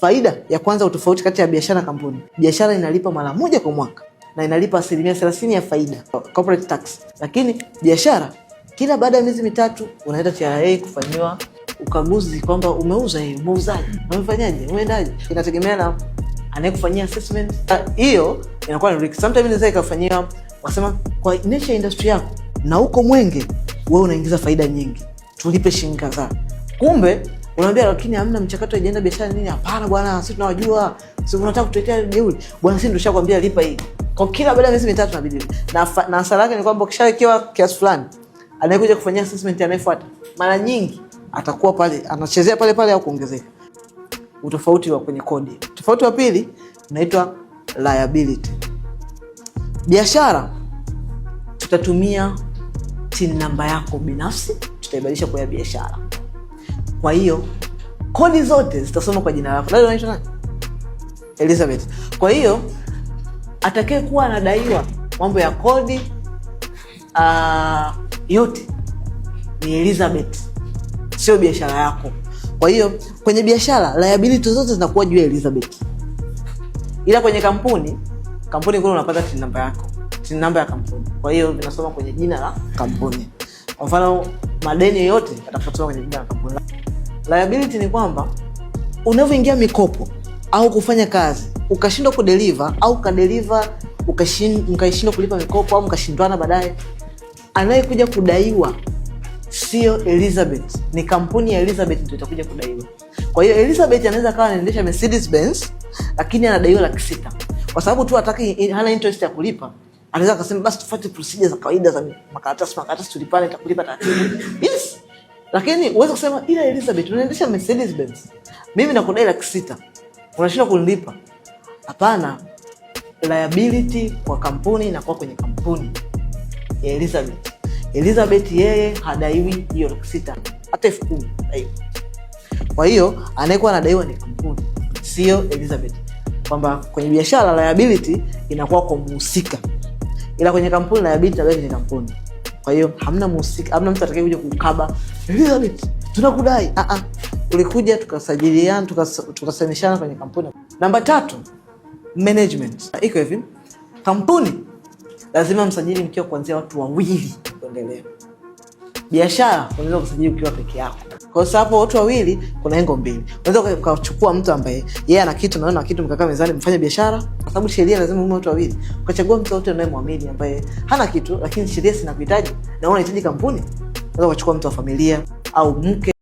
Faida ya kwanza, utofauti kati ya biashara na kampuni. Biashara inalipa mara moja kwa mwaka na inalipa asilimia 30 ya faida corporate tax, lakini biashara kila baada ya miezi mitatu unaenda TRA kufanyiwa ukaguzi kwamba umeuza hii, umeuzaje, umefanyaje, umeendaje. Inategemea na anayekufanyia assessment ah, hiyo, inakuwa ni risk sometimes. Inaweza ikafanyia wasema kwa nature industry yako na uko Mwenge wewe unaingiza faida nyingi, tulipe shilingi kadhaa, kumbe Unaambia lakini hamna mchakato ajenda biashara nini? Hapana bwana, sisi tunawajua. Sisi tunataka kutetea jeuri. Bwana, sisi ndoshakwambia lipa hii. Kwa kila baada ya miezi mitatu nabidi Na na hasara yake ni kwamba ukishawekewa kiasi fulani, anayekuja kufanyia assessment anayefuata. Mara nyingi atakuwa pale anachezea pale pale au kuongezeka. Utofauti wa kwenye kodi. Tofauti wa pili unaitwa liability. Biashara tutatumia TIN namba yako binafsi, tutaibadilisha kwa ya biashara. Kwa hiyo kodi zote zitasoma kwa jina lako. Dada anaitwa nani? Elizabeth. Kwa hiyo atakaye kuwa anadaiwa mambo ya kodi uh, yote ni Elizabeth, sio biashara yako. Kwa hiyo kwenye biashara liability zote zinakuwa juu ya Elizabeth, ila kwenye kampuni, kampuni kule unapata tin namba yako, tin namba ya kampuni. Kwa hiyo vinasoma kwenye jina la kampuni. Kwa mfano madeni yote yatakuwa kwenye jina la kampuni. Liability ni kwamba unavyoingia mikopo au kufanya kazi ukashindwa kudeliva au kadeliver mkaishindwa kulipa mikopo au mkashindwana baadaye, anayekuja kudaiwa sio Elizabeth, ni kampuni ya Elizabeth ndio itakuja kudaiwa. Kwa hiyo Elizabeth anaweza akawa anaendesha Mercedes Benz lakini anadaiwa laki sita kwa sababu tu ataki hana interest ya kulipa anaweza akasema basi tufate procedure za kawaida za makaratasi, makaratasi tulipane, takulipa taratibu. Yes. Lakini uweze kusema ila Elizabeth unaendesha Mercedes Benz. Mimi nakudai laki sita. Unashindwa kunilipa. Hapana. Liability kwa kampuni na kwa kwenye kampuni ya Elizabeth. Elizabeth yeye hadaiwi hiyo laki sita hata elfu kumi. Kwa hiyo anayekuwa anadaiwa ni kampuni, sio Elizabeth. Kwamba kwenye biashara liability inakuwa kwa mhusika, ila kwenye kampuni liability inabaki kwenye kampuni. Kwa hiyo hamna mhusika, hamna mtu atakaye kuja kukaba tunakudai. Ah ah, ulikuja tukasajiliana, tukasainishana kwenye kampuni. Namba tatu, management iko hivi, kampuni lazima msajili mkiwa kuanzia watu wawili kuendelea. Biashara unaweza kusajili ukiwa peke yako. Kwa hiyo hapo watu wawili, kuna engo mbili. Unaweza ukachukua mtu ambaye yeye yeah, ana kitu naona kitu, mkakaa mezani mfanye biashara, kwa sababu sheria lazima ume watu wawili. Ukachagua mtu wote unayemwamini ambaye hana kitu, lakini sheria sinakuhitaji na unahitaji kampuni, unaweza ukachukua mtu wa familia au mke